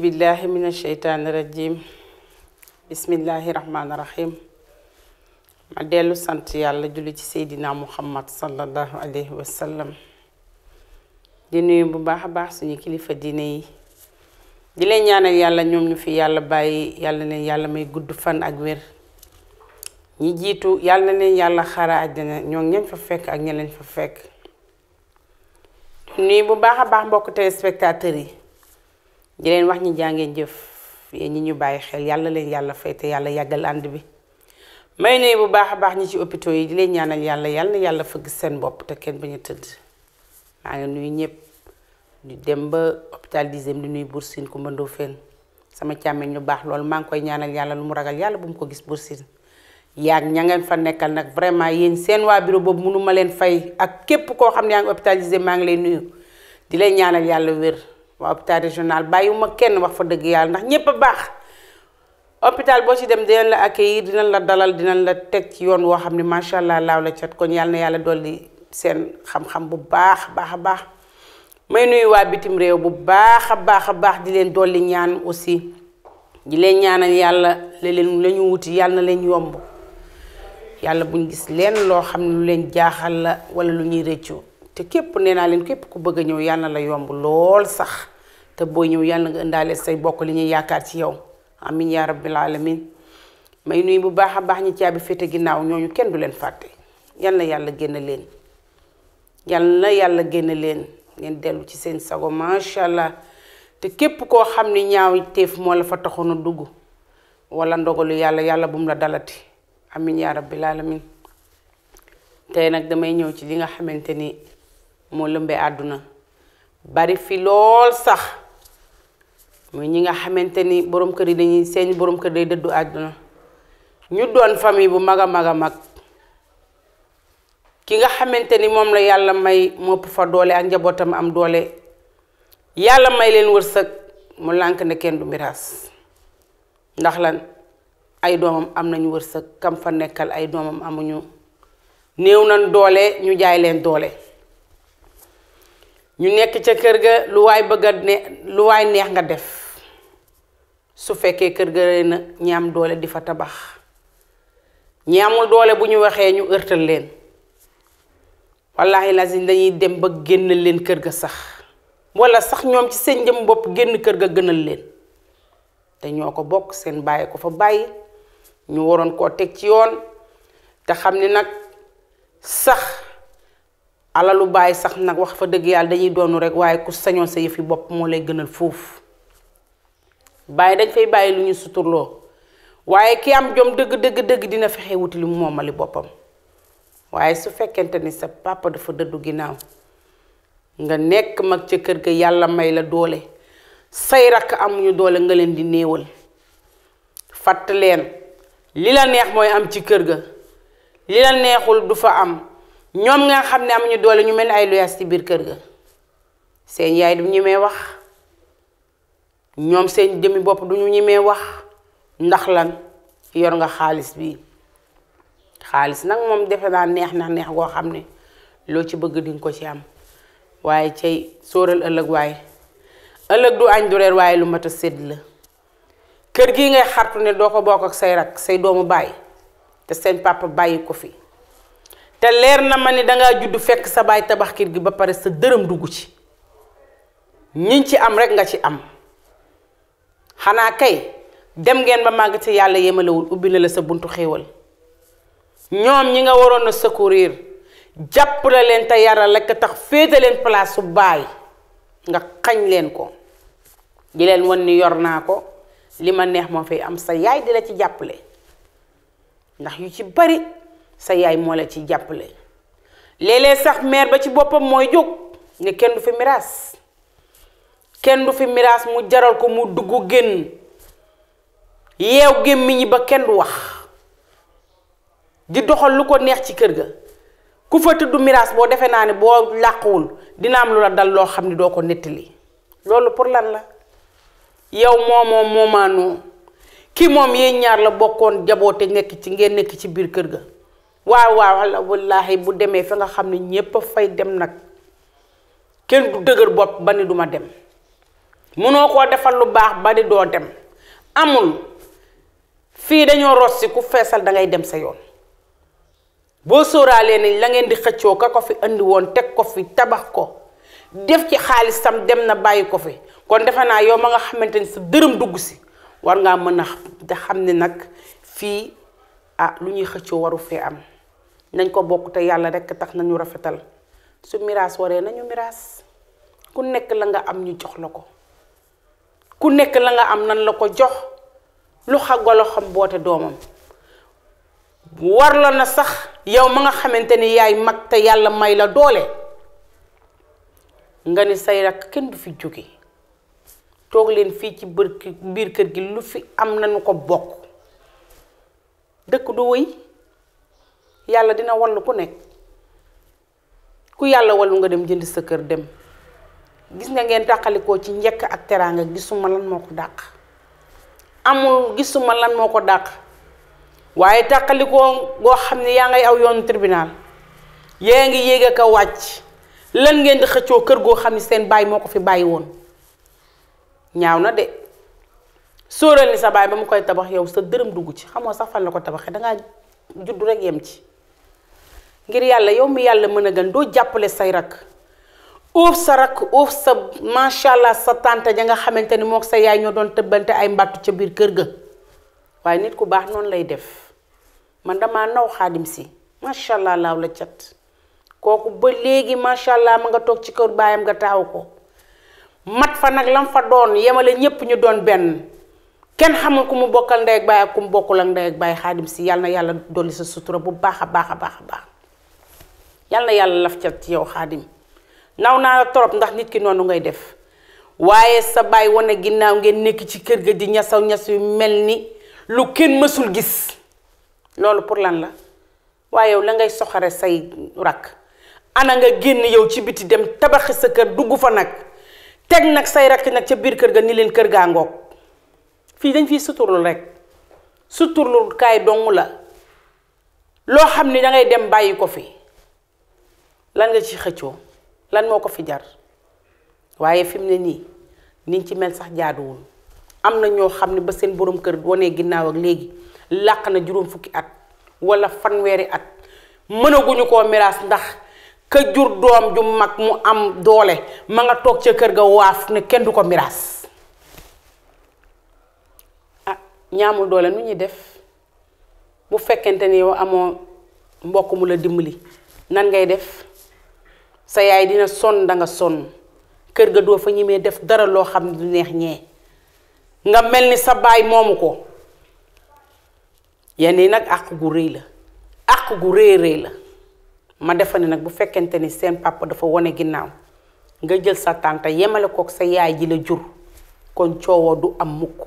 billahi min asheytaani ma dellu sant yàlla julli ci seydina muhammad sallallahu alayhi wa di nuyu bu baax a baax suñu kilifa diine yi di leen ñaanal yàlla ñoom ñu fi yàlla bàyyi yàlla leen yàlla may gudd fan ak wér ñi jiitu yàlla leen yàlla xara àjjana ñoo ñañ fa fekk ak ña leen fa fekk nuyu bu baax a baax mbokk téléspectateurs yi di leen wax ñi jàngeen jëf yéen ñi ñu bàyyi xel yàlla leen yàlla fay te yàlla yàggal ànd bi may nuyu bu baax a baax ñi ci hôpitaux yi di leen ñaanal yàlla yàlla yàlla fëgg seen bopp te kenn bañ a tëdd maa ngi nuyu ñëpp di dem ba hôpital dixième di nuyu Bour Sine Coumba Ndoffène sama càmmeñ ñu baax loolu maa ngi koy ñaanal yàlla lu mu ragal yàlla bu mu ko gis Bour Sine yaag ña ngeen fa nekkal nag vraiment yéen seen waa bureau boobu mënu leen fay ak képp koo xam ne yaa ngi maa ngi leen nuyu di leen ñaanal yàlla wér waa hôpital régional bàyyiwuma kenn wax fa dëgg yàlla ndax ñépp a baax hôpital boo ci dem dinañ la accueillir dinañ la dalal dinañ la teg ci yoon woo xam ne macha allah laaw la cat kon na yàlla dolli seen xam bu baax baax a baax may nuyu bitim réew bu baax a baax a baax di leen dolli ñaan aussi di leen ñaanal yàlla la leen la ñu wuti yàlla leen yomb yàlla buñ gis leen loo xam ne lu leen jaaxal la wala lu ñuy rëccu te képp nee naa leen képp ku bëgg a ñëw yàlla la yomb lool sax te booy ñëw yàlla nga indaale say bokk li ñuy yaakaar ci yow amin yaa rabbil alamin may nuy bu baax a baax ñi caabi féete ginnaaw ñooñu kenn du leen fàtte yal yàlla génn leen yal na yàlla génn leen ngeen dellu ci seen sago macha allah te képp koo xam ne ñaaw teef moo la fa taxoon na dugg wala ndogalu yàlla yàlla bu la dalati amin yaa rabbil alamin te nag damay ñëw ci li nga xamante ni moo lëmbee àdduna bari fi lool sax mooy ñi nga xamante ni borom kër yi dañuy seen borom kër day dëddu àdduna ñu doon famille bu mag a mag a mag ki nga xamante ni moom la yàlla may mopp fa doole ak njabootam am doole yàlla may leen wërsëg mu lànk na kenn du miraas ndax lan ay doomam am nañu wërsëg kam fa nekkal ay doomam amuñu néew nañ doole ñu jaay leen doole ñu nekk ca kër ga lu waay bëgg ne lu waay neex nga def su fekkee kër ga rëy na ñi doole di fa tabax ñi doole bu ñu waxee ñu ërtal leen wallaahi lazim dañuy dem ba génn leen kër ga sax wala sax ñoom ci seen jëm bopp génn kër ga gënal leen te ñoo ko bokk seen bàyyi ko fa bàyyi ñu waroon koo teg ci yoon te xam ne nag sax alalu bàyyi sax nag wax fa dëgg yàlla dañuy doonu rek waaye ku sañoon sa yëf yi bopp moo lay gënal foofu bàyyi dañ fay bàyyi lu ñu suturloo waaye ki am jom dëgg dëgg dëgg dina fexe wuti lu mu moomali boppam waaye su fekkente ni sa pàppa dafa dëddu ginnaaw nga nekk mag ca kër ga yàlla may la doole say rakk amuñu doole nga leen di néewal fàtt leen li la neex mooy am ci kër ga li la neexul du fa am ñoom nga xam ne amuñu doole ñu mel ay luyaas ci biir kër ga seen yaay du ñemee wax ñoom seen jëmmi bopp du ñu ñimee wax ndax lan yor nga xaalis bi xaalis nag moom defe naa neex na neex goo xam ne loo ci bëgg dinga ko ci am waaye cay sóoral ëllëg waaye ëllëg du añ du reer waaye lu mat a sedd la kër gi ngay xartu ne doo ko bokk ak say rak say doomu bàyyi te seen papa bàyyi ko fi te leer na ma ni dangaa juddu fekk sa baay tabax kër gi ba pare sa dërëm dugg ci ñiñ ci am rek nga ci am xanaa kay dem ngeen ba màgg ci yàlla yemalewul ubbi na la sa buntu xéewal ñoom ñi nga waroon a secourir jàpp leen te yaral rekk tax féete leen place su baay nga xañ leen ko di leen won ni yor naa ko li ma neex moo fay am sa yaay di la ci jàppale ndax yu ci bari sa yaay moo la ci jàppale léeg-léeg sax meer ba ci boppam mooy jóg ne kenn du fi miraas kenn du fi miraas mu jaral ko mu dugg génn yeew gémmiñ ba kenn du wax di doxal lu ko neex ci kër ga ku fa tëdd miraas boo defee naa ne boo làquwul dina am lu la dal loo xam ne doo ko nettali loolu pour lan la yow moomoo moomaanoo ki moom yéen ñaar la bokkoon jaboote nekk ci ngeen nekk ci biir kër ga waaw waaw wallaahi bu demee fi nga xam ne ñépp a fay dem nag kenn du dëgër bopp ba ni duma dem mënoo koo defal lu baax ba di doo dem amul fii dañoo rosi ku feesal da ngay dem sa yoon boo sóoraalee ni la ngeen di xëccoo ko ko fi indi woon teg ko fi tabax ko def ci xaalisam dem na bàyyi ko fi kon defe naa yoo ma nga xamante ni sa dërëm dugg si war ngaa mën a xam ne nag fii ah lu ñuy xëccoo waru fee am nañ ko bokk te yàlla rekk tax nañu rafetal su miraas waree nañu miraas ku nekk la nga am ñu jox la ko ku nekk la nga am na la ko jox lu xaggalo xam boote doomam war na sax yow ma nga xamante ni yaay mag te yàlla may la doole nga ni say rakk kenn du fi jóge toog leen fii ci bër mbir kër gi lu fi am nañu ko bokk dëkk du wëy yàlla dina wallu ku nekk ku yàlla wallu nga dem jënd sa kër dem gis nga ngeen tàqalikoo ci njëkk ak teraanga gisuma lan moo ko dàq amul gisuma lan moo ko dàq waaye tàqalikoo goo xam ne yaa ngay aw yoonu tribunal yaa ngi yéeg ak a wàcc lan ngeen di xëccoo kër goo xam ne seen baay moo ko fi bàyyi woon ñaaw na de sóoral ni sa baay ba mu koy tabax yow sa dërëm dugg ci xamoo sax fan la ko tabaxee dangaa juddu rek yem ci ngir yàlla yow mi yàlla mën a gën doo jàppale say rakk uuf sa rakk uuf sa macha sa tante ja nga xamante ni mook sa yaay ñoo doon tëbbante ay mbàttu ca biir kër ga waaye nit ku baax noonu lay def man dama naw xaadim si macha allah laaw la cat kooku ba léegi macha allah ma nga toog ci kër baayam nga taaw ko mat fa nag lam fa doon yemale ñépp ñu doon benn kenn xamul ku mu bokkal ndey ak baay ku mu bokkul ak ndey ak xaadim si yàlla na yàlla dolli sa sutura bu baax a baax a baax a baax yàlla na yàlla laf cat ci yow xaadim naw naa la torop ndax nit ki noonu ngay def waaye sa baay wane ginnaaw ngeen nekk ci kër ga di ñasaw ñas yu mel ni lu kenn mësul gis loolu pour lan la waaye yow la ngay soxare say rakk ana nga génn yow ci biti dem tabaxi sa kër dugg fa nag teg nag say rakk nag ca biir kër ga ni leen kër gaa ngoog fii dañ fiy suturlu rekk suturlu kaay dong la loo xam ni dangay dem bàyyi ko fi lan nga ci xëccoo lan moko fi jar waye fim ne ni ni ci mel sax jaadu am na ño xamni ba seen borom keur woné ginnaw ak léegi làq na juróom fukki at wala wéré at mënaguñu koo mirage ndax ka jur dom ju mak mu am doole ma nga tok ci keur ga waaf ne kenn du ko ah ñaamul doole nu ñi def bu fekkente ni yow amoo mbokk mu la dimbali nan ngay def sa yaay dina sonn danga sonn kër ga doo fa ñemee def dara loo xam ne du neex ñee nga mel ni sa baay moomu ko yenn yi nag àq gu rëy la àq gu rëy rëy la ma defa ne nag bu fekkente ni seen papa dafa wone ginnaaw nga jël sa tànta yemale kook sa yaay ji la jur kon coowoo du am mukk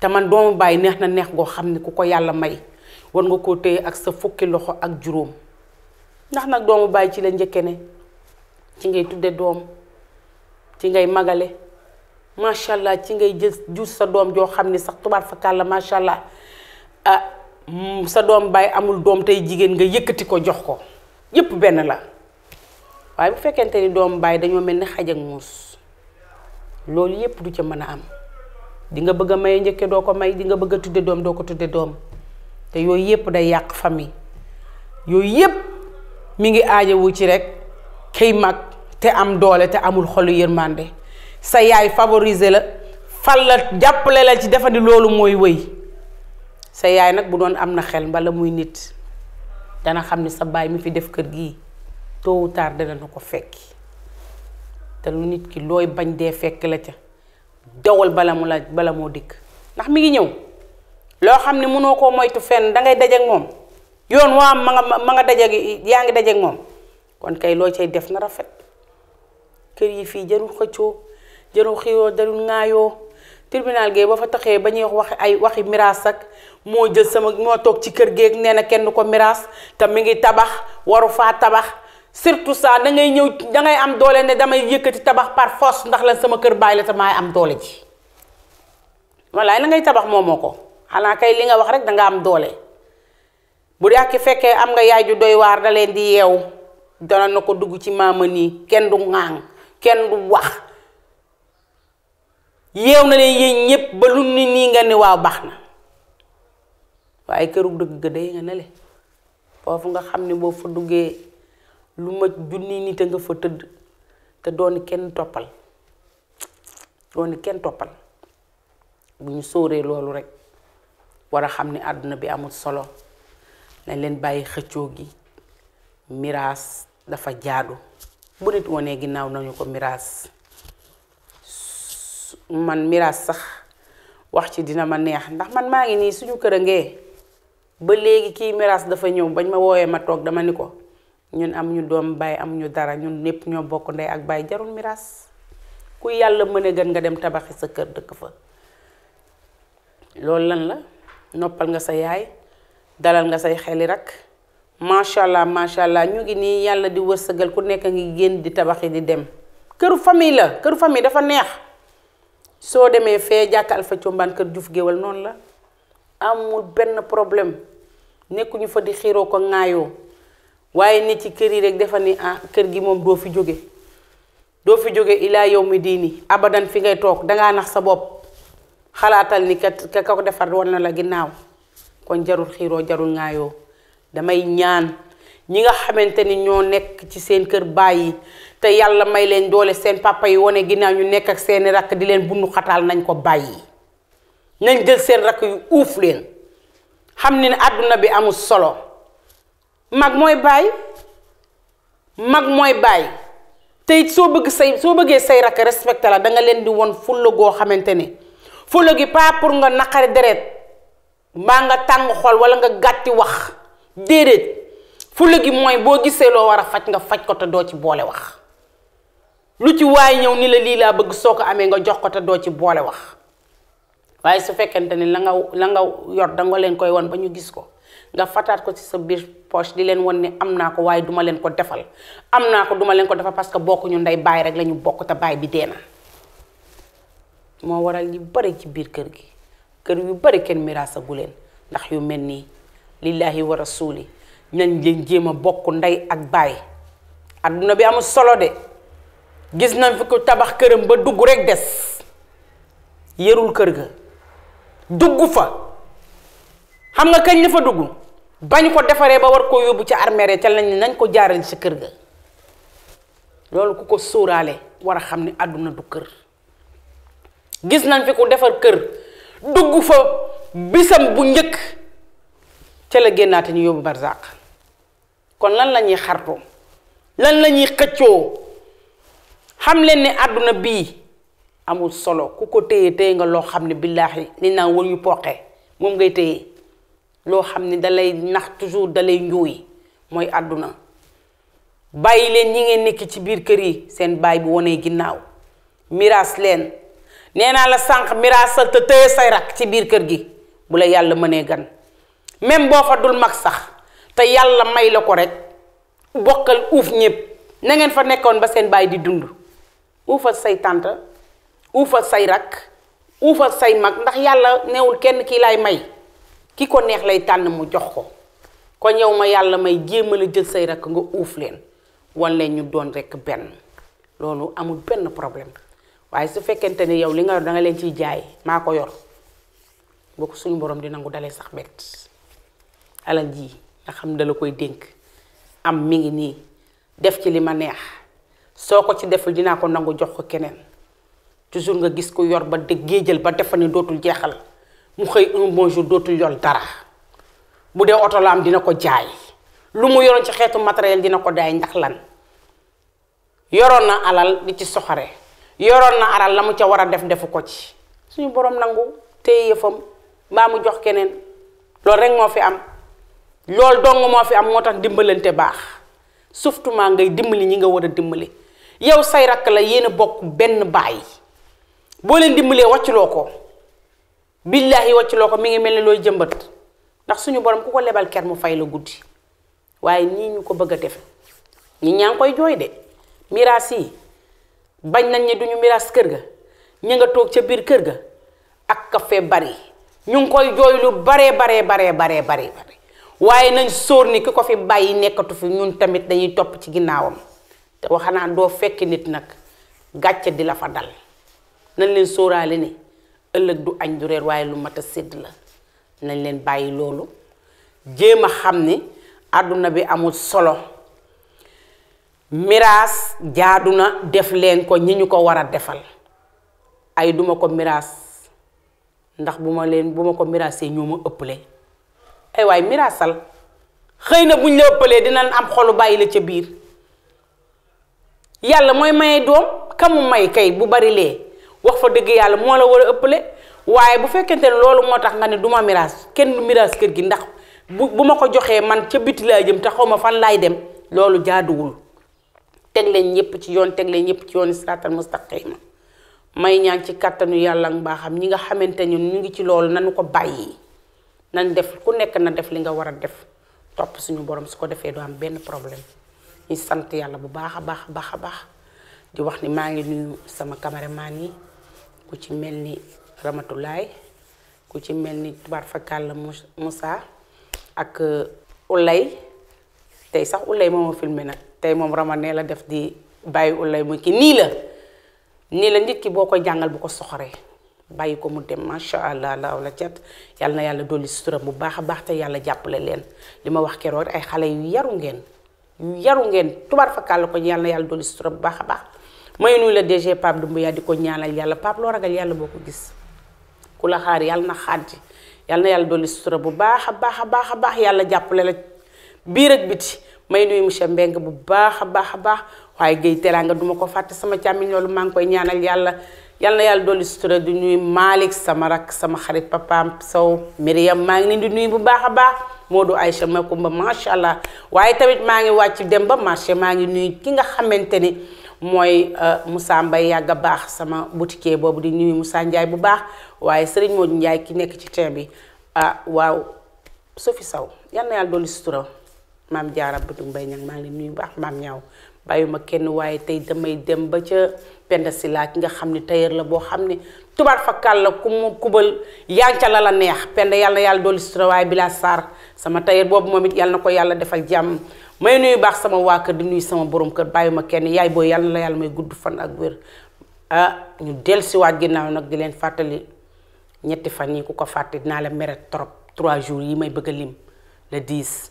te man doomu baay neex na neex goo xam ne ku ko yàlla may war nga koo téye ak sa fukki loxo ak juróom ndax nag doomu bàyyi ci la njëkke ne ci ngay tudde doom ci ngay magale macha allah ci ngay jël juus sa doom joo xam ne sax tubaar fa kàlla macha allah ah mm, sa doom bàyyi amul doom tey jigéen nga yëkkati ko jox ko yépp benn la waaye bu fekkente ni doomu bàyyi dañoo mel ni xaj ak muus loolu yépp du ca mën a am di nga bëgg a maye njëkke doo ko may di nga bëgg a tudde doom doo ko tudde doom te yooyu yépp day yàq famille yooyu yépp mi ngi aajawu ci rek kay mag te am doole te amul xolu yërmande sa yaay favoriser la fal la jàppale la ci defandi loolu mooy wéy sa yaay nag bu doon am na xel mbala muy nit dana xam ni sa baay mi fi def kër gi tôt ou tard nu ko fekki te lu nit ki looy bañ dee fekk la ca dowal bala mu la bala moo dikk ndax mi ngi ñëw loo xam ne mënoo koo moytu fenn dangay daje moom yoon waa ma nga ma nga dajeeg yaa ngi dajeeg moom kon kay loo cay def na rafet kër yi fii jarul xëccoo jarul xiyoo jarul ŋaayoo tribunal gee ba fa taxee ba ñuy wax ay waxi miraas ak moo jël sama moo toog ci kër geeg nee na kenn du ko miraas te mi ngi tabax waru faa tabax surtout ça da ñëw da am doole ne damay yëkkati tabax par force ndax la sama kër bàyyi la te maay am doole ji wallaay la ngay tabax moomoo ko xanaa kay li nga wax rek da nga am doole. buri ak fekke am nga yaay ju doy war da leen di yew dana na ko dugg ci mama ni ken du ngang ken du wax yew na len yeen ñep ba lu ni ni nga ni waaw baxna waye waaye deug ge nga ne le nga xamni bo fa duggee lu ma junni ni te nga fa teud te doon ken topal doon ken topal bu ñu rek wara xamni aduna bi amul solo nañ leen bàyyi xëccoo gi miraas dafa jaadu bu nit wonee ginnaaw nañu ko miraas man miraas sax wax ci dina ma neex ndax man maa ngi nii suñu kër a ngee ba léegi kii miraas dafa ñëw bañ ma woowee ma toog dama ni ko ñun am ñu doom bàyyi am ñu dara ñun ñépp ñoo bokk ndey ak bàyyi jarul miraas ku yàlla mën a gën nga dem tabaxi sa kër dëkk fa loolu lan la noppal nga sa yaay dalal nga say xeli rak macha allah macha allah ñu ngi ni yalla di wërsegal ku nekk ngi génn di tabaxi di dem këru famille la këru famille dafa neex soo demee fee jàkk Alpha Thiombane keur juuf géwal non la amul ben problème ñu fa di xiro ko ngaayo waye ni ci keur yi rek dafa ni ah keur gi mom do fi joggé do fi joggé ila yawmi dini abadan fi ngay da nga nax sa bop xalaatal ni kat ka ko defar won la ginaaw kon jarul xiiroo jarul ŋaayoo damay ñaan ñi nga xamante ni ñoo nekk ci seen kër bàyyi te yàlla may leen doole seen papa yi wone ginnaaw ñu nekk ak seeni rakk di leen bundu nañ ko bàyyi nañ jël seen rakk yu uuf leen xam ne ne àdduna bi amul solo mag mooy baay mag mooy baay te soo bëgg say soo bëggee say rakk respecté la da nga leen di won fulla goo xamante ne fulla gi pas pour nga naqari deret mbaa nga tàng xol wala nga gàtti wax déedéet fulla gi mooy boo gisee loo war a faj nga faj ko te doo ci boole wax lu ci waaye ñëw ni la lii laa bëgg soo ko amee nga jox ko doo ci boole wax waaye su fekkente ni la nga la nga yor danga leen koy won ba ñu gis ko nga fataat ko ci sa biir poche di leen won ni am naa ko waaye duma leen ko defal am naa ko duma leen ko defal parce que bokkuñu ndey baay rek la ñu bokk te baay bi dee na moo waral li bare ci biir kër gi kër yu bari kenn miraasagu leen ndax yu mel nii lillaahi wa rasuuli nañ leen jéem a bokk ndey ak baay àdduna bi amul solo de gis nañ fi ko tabax këram ba dugg rek des yërul kër ga dugg fa xam nga kañ la dugg bañ ko defaree ba war koo yóbbu ci armeere ca lañ nañ ko jaarale ci kër ga loolu ku ko sóoraale war a xam ni àdduna du kër gis nañ fi ku defar kër dugg fa bisam bu njëkk ca la génnaate ñu yóbbu barzaq kon lan lañuy ñuy xartoo lan lañuy xëccoo xam leen ne àdduna bii amul solo ku ko téye téye nga loo xam ne billaahi ni naan wër ñu poqee moom ngay téye loo xam ne dalay nax toujours dalay njuuy mooy àdduna bàyyi leen ñi ngeen nekk ci biir kër yi seen baay bu wonee ginnaaw miraas leen nee naa la sànq miraasal te tëye say rakk ci biir kër gi bu la yàlla mënee gan même boo fa dul mag sax te yàlla may la ko rek bokkal uuf ñépp na ngeen fa nekkoon ba seen baay di dund uufal say tànt uufal say rakk uufal say mag ndax yàlla newul kenn kii lay may ki ko neex lay tànn mu jox ko ko yow ma yàlla may jéem a la jël say rakk nga uuf leen wan ñu doon rekk benn loolu amul benn problème waye su fekkente ne yow li nga da nga len ci jaay mako yor suñu borom di nangu dalé sax bett alal ji nga xam dala koy denk am mi ngi ni def ci lima neex soko ci deful dina ko nangu jox ko kenen toujours nga gis ko yor ba geejel ba defani dotul jeexal mu xey un bonjour dotul dootul dara bu dee la am dina ko jaay lu mu yoron ci xetu materiel dina ko day ndax lan yorona alal di ci soxare yoroon na aral la mu ca war a def defu ko ci suñu borom nangu téye yëfam mbaa mu jox keneen loolu rek moo fi am lool dong moo fi am moo tax dimbalante baax surtout maa ngay dimbali ñi nga war a dimbali yow say rakk la yéen a bokk benn baay boo leen dimbalee wàcculoo ko billaahi wàcculoo ko mi ngi mel ni looy jëmbat ndax suñu borom ku ko lebal ker mu fay la guddi waaye nii ñu ko bëgg a def ñi ñaa koy jooy de miraas yi bañ nañ ne duñu miraas kër ga ña nga toog ca biir kër ga ak kafe bari ñu ngi koy jooylu lu baree baree baree baree baree waaye nañ sóor ni ki ko fi bàyyi nekkatu fi ñun tamit dañuy topp ci ginnaawam te wax doo fekk nit nag gàcce di la fa dal nañ leen sóoraale ni ëllëg du añ du reer waaye lu mat a sedd la nañ leen bàyyi loolu jéem a xam ni àdduna bi amul solo miraas jaadu na def leen ko ñi ñu ko war a defal ay duma ko miraas ndax bu ma leen bu ma ko miraasee ñoo ma ëpple ay waay miraasal xëy na buñ la ëppalee dinañ am xolu bàyyi la ca biir yàlla mooy maye doom kamu may kay bu bari lee wax fa dëgg yàlla moo la war a ëpple waaye bu fekkente ne loolu moo tax nga ne duma miraas kenn du miraas kër gi ndax bu bu ma ko joxee man ca biti laa jëm te xaw ma fan laay dem loolu jaaduwul teg leen ñëpp ci yoon teg leen ñëpp ci yoon siratal mustaqim may ñaan ci katanu yalla ak baxam ñi nga xamanteni ñu ngi ci lool nañu ko bayyi nañ def ku nekk na def li nga wara def top suñu borom su ko defé do am ben problème ñi sant yalla bu di wax ni maa ngi nuyu sama cameraman yi ku ci melni ni ku ci melni ni fakal fakàll Moussa ak Ulay tay sax Ulay moo filmé nak tay mom ramane la def di baye ulay mu ki nila la ni la nit ki boko ko bu ko soxare baye ko mu dem macha allah laaw la cat yàlla na yalla doli sutura bu baakha a baax te yalla jappale len lima wax kero ay xalé yu yaru ngeen yu yaru ngeen tubar fa ko yalla na yàlla sutura bu baakha baax may nuy la DG Pape Doumbouya di ko ñaanal yalla pap lo ragal yalla boko ko gis kula xaar yalla na xanti yalla na yalla doli sutura bu baakha baakha baakha baax a la biir ak biti may nuyu monsieur Mbeng bu baax a baax a baax waaye géy teraanga duma ko fàtte sama càmmiñ loolu maa ngi koy ñaanal yàlla yàlla na yàlla dolli sutura du nuyu maalik sama rak sama xarit papaam Sow Myriam maa ngi leen di nuyu bu baax a baax Modou Aïcha Makumba macha allah waaye tamit maa ngi wàcc dem ba marché maa ngi nuyu ki nga xamante ni mooy euh, musaa mbay yàgg a baax sama boutiquier boobu di nuyu musaa Ndiaye bu baax waaye Serigne Modou njaay ki nekk ci teen bi ah waaw Sophie Sow yàlla na yàlla dolli sutura maam jaara butu mbay ñang maa ngi leen nuyu baax maam ñaaw ma kenn waaye tey damay dem ba ca penda si laa ki nga xam ne tailleur la boo xam ne tubaar fakkal la ku mu kubal yanca la la neex penda yàlla na yàlla doolu sutura waaye bila sarr sama tailleur boobu moom it yàlla na ko yàlla defal jàmm may nuyu baax sama waa kër borom kër bàyyuma kenn yaay boo yàlla na la yàlla may gudd fan ak wér ah, ñu del siwaat ginnaaw nag gi leen fàttali ñetti fan yi ku ko fàtte naa la mere trop trois jours yi may bëgg a lim le 10